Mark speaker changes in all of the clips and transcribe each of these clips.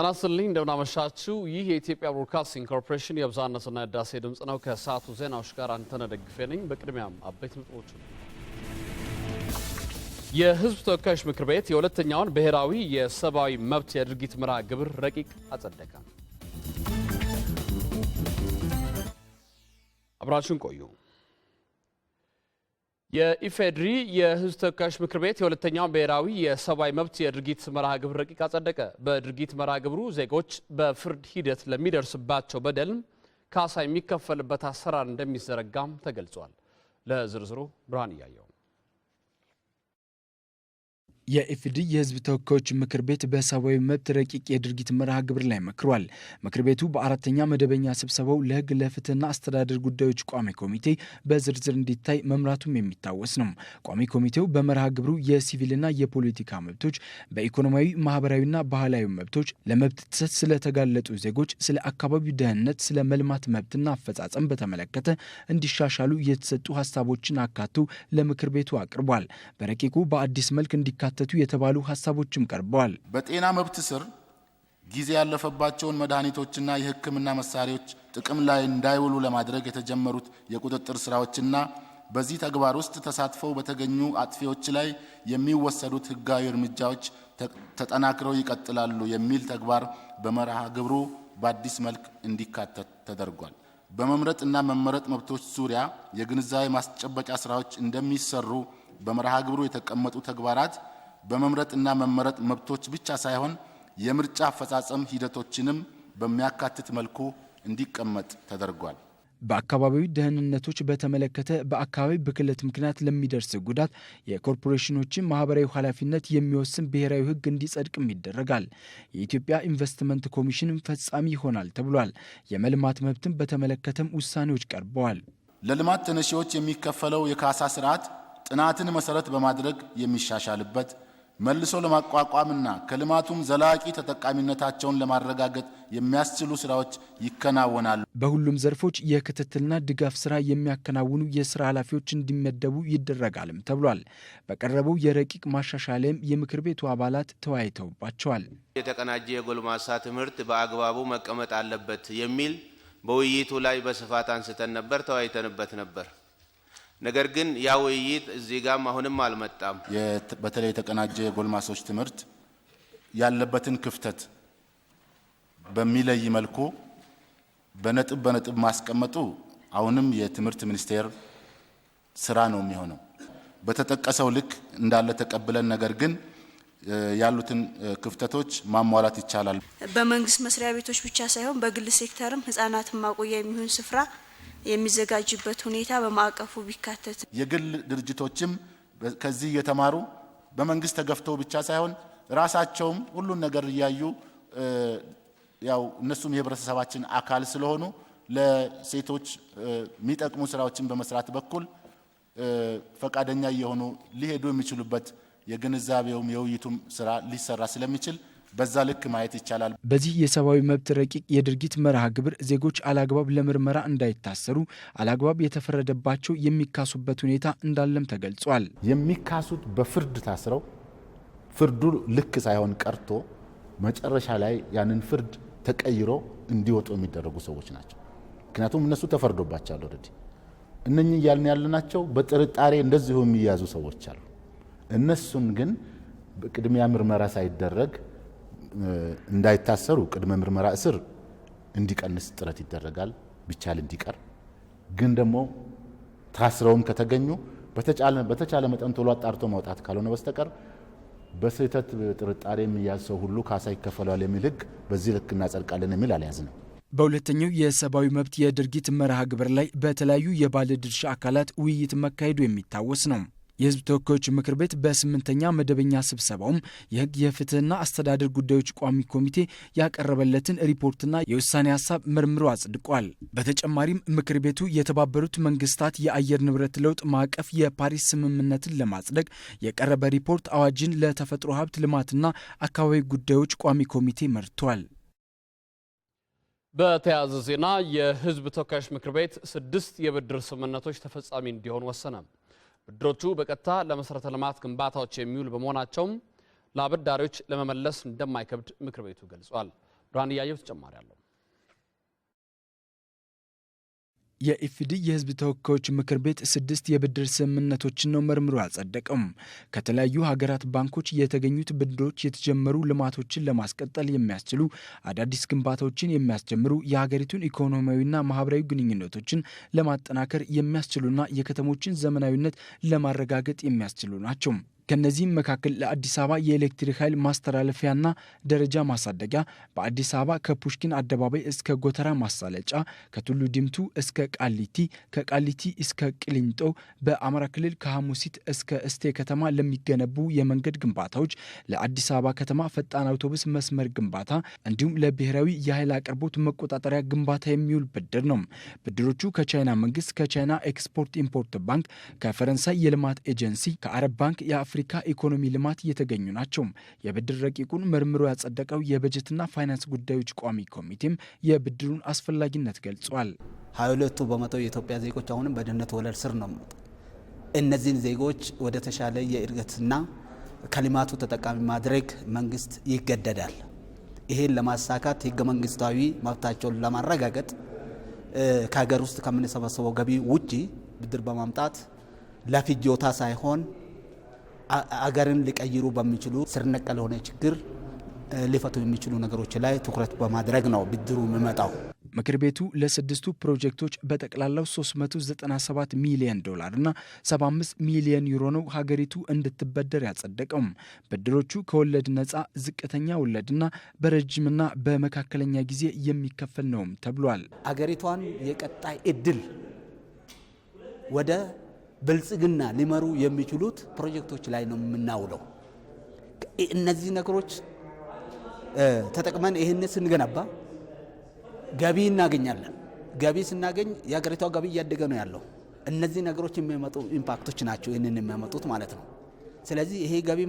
Speaker 1: ጤና ይስጥልኝ እንደምናመሻችሁ። ይህ የኢትዮጵያ ብሮድካስቲንግ ኮርፖሬሽን የብዝሃነትና የህዳሴ ድምፅ ነው። ከሰዓቱ ዜናዎች ጋር አንተነህ ደግፌ ነኝ። በቅድሚያም አበይት ነጥቦች፣ የህዝብ ተወካዮች ምክር ቤት የሁለተኛውን ብሔራዊ የሰብአዊ መብት የድርጊት መርሃ ግብር ረቂቅ አጸደቀ። አብራችሁን ቆዩ። የኢፌድሪ የሕዝብ ተወካዮች ምክር ቤት የሁለተኛው ብሔራዊ የሰብአዊ መብት የድርጊት መርሃ ግብር ረቂቅ አጸደቀ። በድርጊት መርሃ ግብሩ ዜጎች በፍርድ ሂደት ለሚደርስባቸው በደል ካሳ የሚከፈልበት አሰራር እንደሚዘረጋም ተገልጿል። ለዝርዝሩ ብርሃን እያየው
Speaker 2: የኢፍድ የህዝብ ተወካዮች ምክር ቤት በሰብአዊ መብት ረቂቅ የድርጊት መርሃ ግብር ላይ መክሯል። ምክር ቤቱ በአራተኛ መደበኛ ስብሰባው ለህግ ለፍትህና አስተዳደር ጉዳዮች ቋሚ ኮሚቴ በዝርዝር እንዲታይ መምራቱም የሚታወስ ነው። ቋሚ ኮሚቴው በመርሃ ግብሩ የሲቪልና የፖለቲካ መብቶች፣ በኢኮኖሚያዊ ማህበራዊና ባህላዊ መብቶች፣ ለመብት ጥሰት ስለተጋለጡ ዜጎች፣ ስለ አካባቢው ደህንነት፣ ስለ መልማት መብትና አፈጻጸም በተመለከተ እንዲሻሻሉ የተሰጡ ሀሳቦችን አካቶ ለምክር ቤቱ አቅርቧል። በረቂቁ በአዲስ መልክ እንዲካ እንዲካተቱ የተባሉ ሀሳቦችም ቀርበዋል።
Speaker 3: በጤና መብት ስር ጊዜ ያለፈባቸውን መድኃኒቶችና የሕክምና መሳሪያዎች ጥቅም ላይ እንዳይውሉ ለማድረግ የተጀመሩት የቁጥጥር ስራዎችና በዚህ ተግባር ውስጥ ተሳትፈው በተገኙ አጥፊዎች ላይ የሚወሰዱት ሕጋዊ እርምጃዎች ተጠናክረው ይቀጥላሉ የሚል ተግባር በመርሃ ግብሩ በአዲስ መልክ እንዲካተት ተደርጓል። በመምረጥ እና መመረጥ መብቶች ዙሪያ የግንዛቤ ማስጨበጫ ስራዎች እንደሚሰሩ በመርሃ ግብሩ የተቀመጡ ተግባራት በመምረጥና መመረጥ መብቶች ብቻ ሳይሆን የምርጫ አፈጻጸም ሂደቶችንም በሚያካትት መልኩ እንዲቀመጥ ተደርጓል።
Speaker 2: በአካባቢው ደህንነቶች በተመለከተ በአካባቢ ብክለት ምክንያት ለሚደርስ ጉዳት የኮርፖሬሽኖችን ማህበራዊ ኃላፊነት የሚወስን ብሔራዊ ሕግ እንዲጸድቅም ይደረጋል። የኢትዮጵያ ኢንቨስትመንት ኮሚሽንም ፈጻሚ ይሆናል ተብሏል። የመልማት መብትን በተመለከተም ውሳኔዎች ቀርበዋል።
Speaker 3: ለልማት ተነሺዎች የሚከፈለው የካሳ ስርዓት ጥናትን መሰረት በማድረግ የሚሻሻልበት መልሶ ለማቋቋምና ከልማቱም ዘላቂ ተጠቃሚነታቸውን ለማረጋገጥ የሚያስችሉ ስራዎች ይከናወናሉ።
Speaker 2: በሁሉም ዘርፎች የክትትልና ድጋፍ ስራ የሚያከናውኑ የስራ ኃላፊዎች እንዲመደቡ ይደረጋልም ተብሏል። በቀረበው የረቂቅ ማሻሻ ላይም የምክር ቤቱ አባላት ተወያይተውባቸዋል።
Speaker 3: የተቀናጀ የጎልማሳ ትምህርት በአግባቡ መቀመጥ አለበት የሚል በውይይቱ ላይ በስፋት አንስተን ነበር፣ ተወያይተንበት ነበር። ነገር ግን ያ ውይይት እዚህ ጋም አሁንም አልመጣም።
Speaker 4: በተለይ የተቀናጀ የጎልማሶች ትምህርት ያለበትን ክፍተት በሚለይ መልኩ በነጥብ በነጥብ ማስቀመጡ አሁንም የትምህርት ሚኒስቴር ስራ ነው የሚሆነው። በተጠቀሰው ልክ እንዳለ ተቀብለን ነገር ግን ያሉትን ክፍተቶች ማሟላት ይቻላል።
Speaker 5: በመንግስት መስሪያ ቤቶች ብቻ ሳይሆን በግል ሴክተርም ህጻናትን ማቆያ የሚሆን ስፍራ የሚዘጋጅበት ሁኔታ በማዕቀፉ ቢካተት
Speaker 4: የግል ድርጅቶችም ከዚህ እየተማሩ በመንግስት ተገፍተው ብቻ ሳይሆን ራሳቸውም ሁሉን ነገር እያዩ ያው እነሱም የህብረተሰባችን አካል ስለሆኑ ለሴቶች የሚጠቅሙ ስራዎችን በመስራት በኩል ፈቃደኛ እየሆኑ ሊሄዱ የሚችሉበት የግንዛቤውም የውይይቱም ስራ ሊሰራ ስለሚችል በዛ ልክ ማየት ይቻላል።
Speaker 2: በዚህ የሰብአዊ መብት ረቂቅ የድርጊት መርሃ ግብር ዜጎች አላግባብ ለምርመራ እንዳይታሰሩ፣ አላግባብ የተፈረደባቸው የሚካሱበት ሁኔታ እንዳለም ተገልጿል።
Speaker 6: የሚካሱት በፍርድ ታስረው ፍርዱ ልክ ሳይሆን ቀርቶ መጨረሻ ላይ ያንን ፍርድ ተቀይሮ እንዲወጡ የሚደረጉ ሰዎች ናቸው። ምክንያቱም እነሱ ተፈርዶባቸዋል ኦልሬዲ። እነኚህ እያልን ያለናቸው በጥርጣሬ እንደዚሁ የሚያዙ ሰዎች አሉ። እነሱን ግን ቅድሚያ ምርመራ ሳይደረግ እንዳይታሰሩ ቅድመ ምርመራ እስር እንዲቀንስ ጥረት ይደረጋል፣ ቢቻል እንዲቀር። ግን ደግሞ ታስረውም ከተገኙ በተቻለ መጠን ቶሎ አጣርቶ ማውጣት ካልሆነ በስተቀር በስህተት ጥርጣሬ የሚያዝ ሰው ሁሉ ካሳ ይከፈለዋል የሚል ህግ በዚህ ልክ እናጸድቃለን የሚል አልያዝ ነው።
Speaker 2: በሁለተኛው የሰብአዊ መብት የድርጊት መርሃ ግብር ላይ በተለያዩ የባለድርሻ አካላት ውይይት መካሄዱ የሚታወስ ነው። የህዝብ ተወካዮች ምክር ቤት በስምንተኛ መደበኛ ስብሰባውም የህግ የፍትህና አስተዳደር ጉዳዮች ቋሚ ኮሚቴ ያቀረበለትን ሪፖርትና የውሳኔ ሀሳብ መርምሮ አጽድቋል። በተጨማሪም ምክር ቤቱ የተባበሩት መንግስታት የአየር ንብረት ለውጥ ማዕቀፍ የፓሪስ ስምምነትን ለማጽደቅ የቀረበ ሪፖርት አዋጅን ለተፈጥሮ ሀብት ልማትና አካባቢ ጉዳዮች ቋሚ ኮሚቴ መርቷል።
Speaker 1: በተያያዘ ዜና የህዝብ ተወካዮች ምክር ቤት ስድስት የብድር ስምምነቶች ተፈጻሚ እንዲሆን ወሰነ። ብድሮቹ በቀጥታ ለመሠረተ ልማት ግንባታዎች የሚውል በመሆናቸውም ለአበዳሪዎች ለመመለስ እንደማይከብድ ምክር ቤቱ ገልጿል። ብርሃን እያየው ተጨማሪ አለው።
Speaker 2: የኢፍዲ የህዝብ ተወካዮች ምክር ቤት ስድስት የብድር ስምምነቶችን ነው መርምሮ አልጸደቅም። ከተለያዩ ሀገራት ባንኮች የተገኙት ብድሮች የተጀመሩ ልማቶችን ለማስቀጠል የሚያስችሉ አዳዲስ ግንባታዎችን የሚያስጀምሩ የሀገሪቱን ኢኮኖሚያዊና ማህበራዊ ግንኙነቶችን ለማጠናከር የሚያስችሉና የከተሞችን ዘመናዊነት ለማረጋገጥ የሚያስችሉ ናቸው። ከነዚህም መካከል ለአዲስ አበባ የኤሌክትሪክ ኃይል ማስተላለፊያና ደረጃ ማሳደጊያ በአዲስ አበባ ከፑሽኪን አደባባይ እስከ ጎተራ ማሳለጫ፣ ከቱሉ ዲምቱ እስከ ቃሊቲ፣ ከቃሊቲ እስከ ቅሊንጦ፣ በአማራ ክልል ከሐሙሲት እስከ እስቴ ከተማ ለሚገነቡ የመንገድ ግንባታዎች፣ ለአዲስ አበባ ከተማ ፈጣን አውቶቡስ መስመር ግንባታ እንዲሁም ለብሔራዊ የኃይል አቅርቦት መቆጣጠሪያ ግንባታ የሚውል ብድር ነው። ብድሮቹ ከቻይና መንግስት፣ ከቻይና ኤክስፖርት ኢምፖርት ባንክ፣ ከፈረንሳይ የልማት ኤጀንሲ፣ ከአረብ ባንክ፣ የአፍ የአፍሪካ ኢኮኖሚ ልማት እየተገኙ ናቸው። የብድር ረቂቁን መርምሮ ያጸደቀው የበጀትና ፋይናንስ ጉዳዮች ቋሚ ኮሚቴም የብድሩን አስፈላጊነት ገልጿል።
Speaker 7: ሀያ ሁለቱ በመቶ የኢትዮጵያ ዜጎች አሁንም በድህነት ወለል ስር ነው። እነዚህን ዜጎች ወደ ተሻለ የእድገትና ከልማቱ ተጠቃሚ ማድረግ መንግስት ይገደዳል። ይሄን ለማሳካት ህገ መንግስታዊ መብታቸውን ለማረጋገጥ ከሀገር ውስጥ ከምንሰበሰበው ገቢ ውጪ ብድር በማምጣት ለፍጆታ ሳይሆን አገርን ሊቀይሩ በሚችሉ ስር ለሆነ የሆነ ችግር ሊፈቱ የሚችሉ ነገሮች ላይ ትኩረት በማድረግ ነው ብድሩ የሚመጣው።
Speaker 2: ምክር ቤቱ ለስድስቱ ፕሮጀክቶች በጠቅላላው 397 ሚሊዮን ዶላር እና 75 ሚሊዮን ዩሮ ነው ሀገሪቱ እንድትበደር ያጸደቀውም። ብድሮቹ ከወለድ ነፃ፣ ዝቅተኛ ወለድና በረጅምና በመካከለኛ ጊዜ የሚከፈል ነውም ተብሏል።
Speaker 7: ሀገሪቷን የቀጣይ እድል ወደ ብልጽግና ሊመሩ የሚችሉት ፕሮጀክቶች ላይ ነው የምናውለው። እነዚህ ነገሮች ተጠቅመን ይህን ስንገነባ ገቢ እናገኛለን። ገቢ ስናገኝ የሀገሪቷ ገቢ እያደገ ነው ያለው። እነዚህ ነገሮች የሚያመጡ ኢምፓክቶች ናቸው ይህንን የሚያመጡት ማለት ነው። ስለዚህ ይሄ ገቢ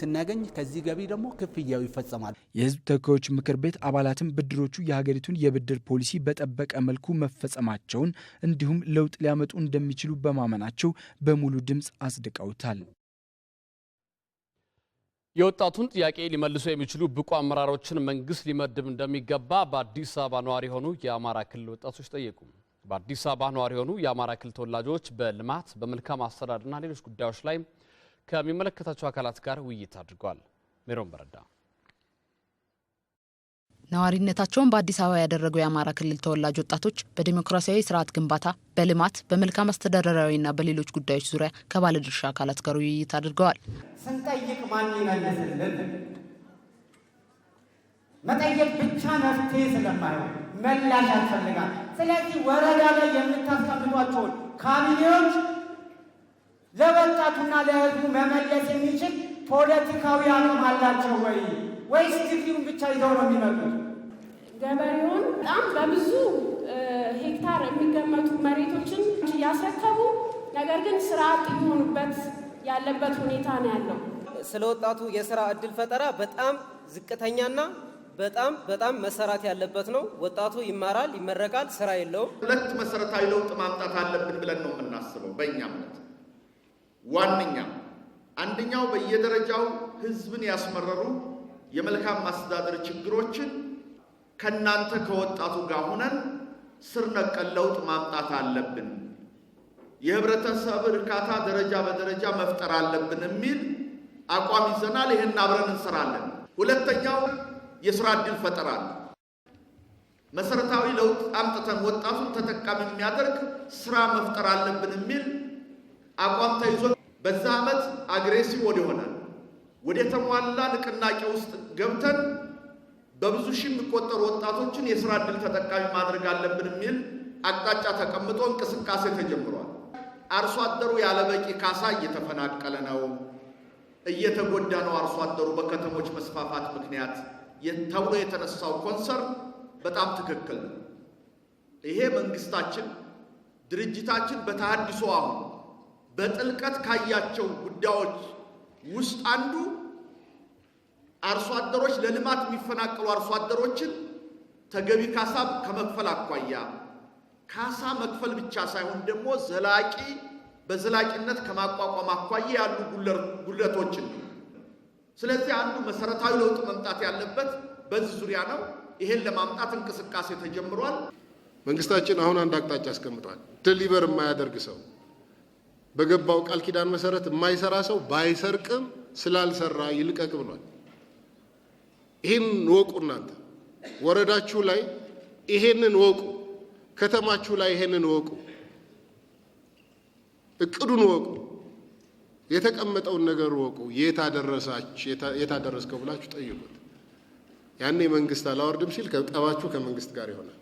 Speaker 7: ስናገኝ ከዚህ ገቢ ደግሞ ክፍያው ይፈጸማል።
Speaker 2: የህዝብ ተወካዮች ምክር ቤት አባላትም ብድሮቹ የሀገሪቱን የብድር ፖሊሲ በጠበቀ መልኩ መፈጸማቸውን እንዲሁም ለውጥ ሊያመጡ እንደሚችሉ በማመናቸው በሙሉ ድምፅ አጽድቀውታል።
Speaker 1: የወጣቱን ጥያቄ ሊመልሱ የሚችሉ ብቁ አመራሮችን መንግስት ሊመድብ እንደሚገባ በአዲስ አበባ ነዋሪ የሆኑ የአማራ ክልል ወጣቶች ጠየቁ። በአዲስ አበባ ነዋሪ የሆኑ የአማራ ክልል ተወላጆች በልማት በመልካም አስተዳደርና ሌሎች ጉዳዮች ላይ ከሚመለከታቸው አካላት ጋር ውይይት አድርጓል። ሜሮን በረዳ
Speaker 8: ነዋሪነታቸውን በአዲስ አበባ ያደረገው የአማራ ክልል ተወላጅ ወጣቶች በዲሞክራሲያዊ ስርዓት ግንባታ፣ በልማት፣ በመልካም አስተዳደራዊና በሌሎች ጉዳዮች ዙሪያ ከባለድርሻ አካላት ጋር ውይይት አድርገዋል።
Speaker 9: ስንጠይቅ ማን ይመልስልን? መጠየቅ ብቻ መፍትሄ ስለማይሆን መላሽ ያስፈልጋል። ስለዚህ ወረዳ ላይ የምታስቀምጧቸውን ካቢኔዎች ለወጣቱና ለህዝቡ መመለስ የሚችል ፖለቲካዊ አቅም አላቸው ወይ ወይስ ዲግሪውን ብቻ ይዘው ነው የሚመጡት?
Speaker 10: ገበሬውን በጣም በብዙ ሄክታር የሚገመቱ መሬቶችን እያስረከቡ ነገር ግን ስራ አጥ የሆኑበት ያለበት ሁኔታ ነው ያለው።
Speaker 11: ስለ ወጣቱ የስራ እድል ፈጠራ በጣም ዝቅተኛና በጣም በጣም መሰራት ያለበት ነው። ወጣቱ ይማራል፣ ይመረቃል፣ ስራ የለውም።
Speaker 12: ሁለት መሰረታዊ ለውጥ ማምጣት አለብን ብለን ነው የምናስበው በእኛ እምነት ዋነኛ አንደኛው በየደረጃው ህዝብን ያስመረሩ የመልካም ማስተዳደር ችግሮችን ከእናንተ ከወጣቱ ጋር ሆነን ስር ነቀል ለውጥ ማምጣት አለብን፣ የህብረተሰብ እርካታ ደረጃ በደረጃ መፍጠር አለብን የሚል አቋም ይዘናል። ይህን አብረን እንሰራለን። ሁለተኛው የስራ እድል ፈጠራ ነው። መሰረታዊ ለውጥ አምጥተን ወጣቱን ተጠቃሚ የሚያደርግ ስራ መፍጠር አለብን የሚል አቋም ተይዞ በዛ ዓመት አግሬሲቭ ወደሆነ ወደ ተሟላ ንቅናቄ ውስጥ ገብተን በብዙ ሺህ የሚቆጠሩ ወጣቶችን የስራ ዕድል ተጠቃሚ ማድረግ አለብን የሚል አቅጣጫ ተቀምጦ እንቅስቃሴ ተጀምሯል። አርሶ አደሩ ያለበቂ ካሳ እየተፈናቀለ ነው፣ እየተጎዳ ነው አርሶ አደሩ በከተሞች መስፋፋት ምክንያት ተብሎ የተነሳው ኮንሰርን በጣም ትክክል ነው። ይሄ መንግስታችን ድርጅታችን በተሃድሶ አሁን በጥልቀት ካያቸው ጉዳዮች ውስጥ አንዱ አርሶ አደሮች ለልማት የሚፈናቀሉ አርሶ አደሮችን ተገቢ ካሳ ከመክፈል አኳያ ካሳ መክፈል ብቻ ሳይሆን ደግሞ ዘላቂ በዘላቂነት ከማቋቋም አኳያ ያሉ ጉለቶችን ስለዚህ አንዱ መሰረታዊ ለውጥ መምጣት ያለበት በዚህ ዙሪያ ነው። ይሄን ለማምጣት እንቅስቃሴ ተጀምሯል።
Speaker 13: መንግስታችን አሁን አንድ አቅጣጫ አስቀምጧል። ደሊቨር የማያደርግ ሰው በገባው ቃል ኪዳን መሰረት የማይሰራ ሰው ባይሰርቅም ስላልሰራ ይልቀቅ ብሏል። ይህን ወቁ። እናንተ ወረዳችሁ ላይ ይሄንን ወቁ። ከተማችሁ ላይ ይሄንን ወቁ። እቅዱን ወቁ። የተቀመጠውን ነገር ወቁ። የት አደረሳች ብላችሁ ጠይቁት። ያኔ መንግስት አላወርድም ሲል ከጠባችሁ ከመንግስት ጋር ይሆናል።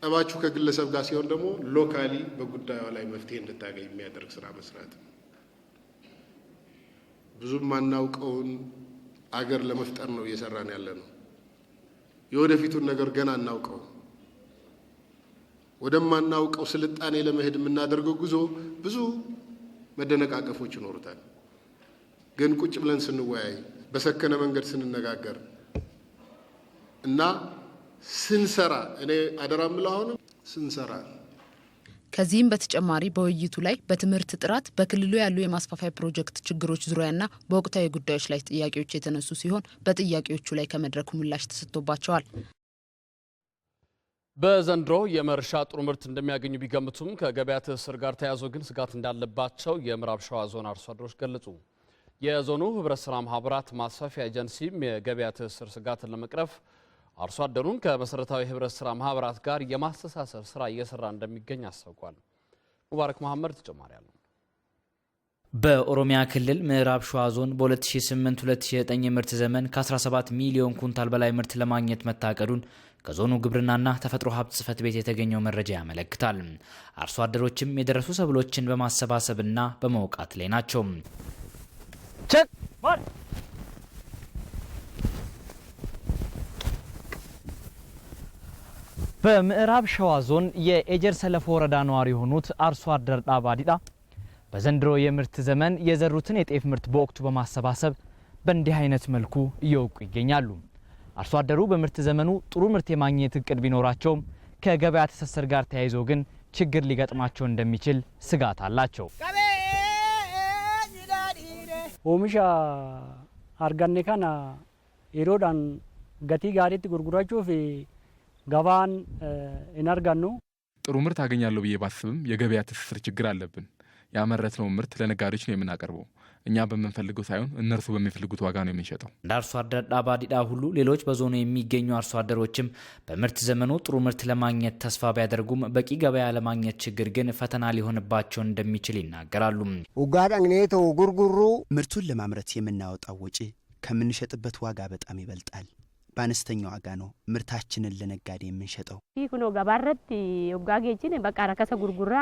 Speaker 13: ጠባችሁ ከግለሰብ ጋር ሲሆን ደግሞ ሎካሊ በጉዳዩ ላይ መፍትሄ እንድታገኝ የሚያደርግ ስራ መስራት ብዙም ማናውቀውን አገር ለመፍጠር ነው እየሰራን ያለ ነው። የወደፊቱን ነገር ገና አናውቀው። ወደማናውቀው ስልጣኔ ለመሄድ የምናደርገው ጉዞ ብዙ መደነቃቀፎች ይኖሩታል። ግን ቁጭ ብለን ስንወያይ፣ በሰከነ መንገድ ስንነጋገር እና ስንሰራ እኔ አደራ ምለው አሁንም ስንሰራ
Speaker 8: ከዚህም በተጨማሪ በውይይቱ ላይ በትምህርት ጥራት በክልሉ ያሉ የማስፋፊያ ፕሮጀክት ችግሮች ዙሪያና በወቅታዊ ጉዳዮች ላይ ጥያቄዎች የተነሱ ሲሆን በጥያቄዎቹ ላይ ከመድረኩ ምላሽ ተሰጥቶባቸዋል።
Speaker 1: በዘንድሮ የመርሻ ጥሩ ምርት እንደሚያገኙ ቢገምቱም ከገበያ ትስስር ጋር ተያይዞ ግን ስጋት እንዳለባቸው የምዕራብ ሸዋ ዞን አርሶ አደሮች ገለጹ። የዞኑ ህብረት ስራ ማህበራት ማስፋፊያ ኤጀንሲም የገበያ ትስስር ስጋትን ለመቅረፍ አርሶ አደሩን ከመሰረታዊ ህብረት ስራ ማህበራት ጋር የማስተሳሰር ስራ እየሰራ እንደሚገኝ አስታውቋል። ሙባረክ መሐመድ ተጨማሪ አለው።
Speaker 8: በኦሮሚያ ክልል ምዕራብ ሸዋ ዞን በ2008-2009 የምርት ዘመን ከ17 ሚሊዮን ኩንታል በላይ ምርት ለማግኘት መታቀዱን ከዞኑ ግብርናና ተፈጥሮ ሀብት ጽፈት ቤት የተገኘው መረጃ ያመለክታል። አርሶ አደሮችም የደረሱ ሰብሎችን በማሰባሰብና በመውቃት ላይ ናቸው። በምዕራብ ሸዋ ዞን የኤጀር ሰለፎ ወረዳ ነዋሪ የሆኑት አርሶ አደር ጣባ በዘንድሮ የምርት ዘመን የዘሩትን የጤፍ ምርት በወቅቱ በማሰባሰብ በእንዲህ አይነት መልኩ እየወቁ ይገኛሉ። አርሶ አደሩ በምርት ዘመኑ ጥሩ ምርት የማግኘት እቅድ ቢኖራቸውም ከገበያ ትስስር ጋር ተያይዞ ግን ችግር ሊገጥማቸው እንደሚችል ስጋት አላቸው።
Speaker 14: ኦሚሻ አርጋኔካና ካና ገቲ ጋሪት ጉርጉራቸው ገባን ኢነርገኑ
Speaker 15: ጥሩ ምርት አገኛለሁ ብዬ ባስብም የገበያ ትስስር ችግር አለብን። ያመረትነው ምርት ለነጋዴዎች ነው የምናቀርበው። እኛ በምንፈልገው ሳይሆን እነርሱ በሚፈልጉት ዋጋ ነው የምንሸጠው።
Speaker 8: እንደ አርሶ አደር ዳባዲዳ ሁሉ ሌሎች በዞኑ የሚገኙ አርሶ አደሮችም በምርት ዘመኑ ጥሩ ምርት ለማግኘት ተስፋ ቢያደርጉም በቂ ገበያ ለማግኘት ችግር ግን ፈተና ሊሆንባቸው እንደሚችል ይናገራሉ።
Speaker 16: ውጋዳግኔቶ ጉርጉሩ
Speaker 17: ምርቱን ለማምረት የምናወጣው ወጪ ከምንሸጥበት ዋጋ በጣም ይበልጣል። በአነስተኛ ዋጋ ነው ምርታችንን ለነጋዴ የምንሸጠው።
Speaker 18: ኩኖ ገባረት ወጋጌችን በቃ ረከሰ ጉርጉራ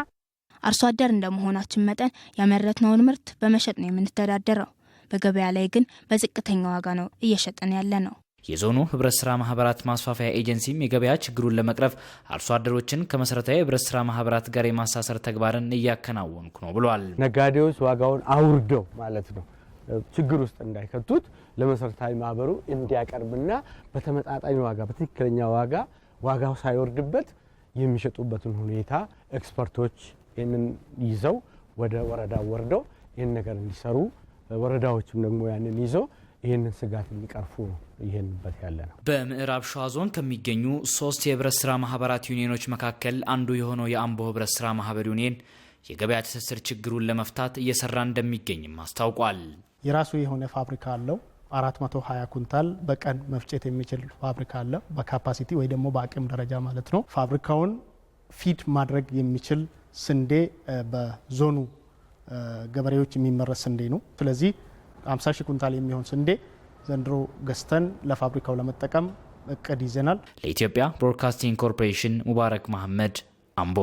Speaker 19: አርሶ አደር እንደመሆናችን መጠን ያመረትነውን ምርት በመሸጥ ነው የምንተዳደረው። በገበያ ላይ ግን በዝቅተኛ ዋጋ ነው እየሸጠን ያለ ነው።
Speaker 8: የዞኑ ህብረት ስራ ማህበራት ማስፋፊያ ኤጀንሲም የገበያ ችግሩን ለመቅረፍ አርሶ አደሮችን ከመሰረታዊ ህብረት ስራ ማህበራት ጋር የማሳሰር ተግባርን እያከናወንኩ ነው ብሏል።
Speaker 20: ነጋዴዎች ዋጋውን አውርደው ማለት ነው ችግር ውስጥ እንዳይከቱት ለመሰረታዊ ማህበሩ እንዲያቀርብና በተመጣጣኝ ዋጋ በትክክለኛ ዋጋ ዋጋው ሳይወርድበት የሚሸጡበትን ሁኔታ ኤክስፐርቶች ይህንን ይዘው ወደ ወረዳ ወርደው ይህን ነገር እንዲሰሩ ወረዳዎችም ደግሞ ያንን ይዘው ይህንን ስጋት የሚቀርፉ ይሄንበት ያለ ነው።
Speaker 8: በምዕራብ ሸዋ ዞን ከሚገኙ ሶስት የህብረት ስራ ማህበራት ዩኒየኖች መካከል አንዱ የሆነው የአምቦ ህብረት ስራ ማህበር ዩኒየን የገበያ ትስስር ችግሩን ለመፍታት እየሰራ እንደሚገኝም አስታውቋል።
Speaker 21: የራሱ የሆነ ፋብሪካ አለው። 420 ኩንታል በቀን መፍጨት የሚችል ፋብሪካ አለ። በካፓሲቲ ወይ ደግሞ በአቅም ደረጃ ማለት ነው። ፋብሪካውን ፊድ ማድረግ የሚችል ስንዴ በዞኑ ገበሬዎች የሚመረት ስንዴ ነው። ስለዚህ 50 ሺህ ኩንታል የሚሆን ስንዴ ዘንድሮ ገዝተን ለፋብሪካው ለመጠቀም እቅድ ይዘናል።
Speaker 1: ለኢትዮጵያ ብሮድካስቲንግ ኮርፖሬሽን ሙባረክ መሐመድ አምቦ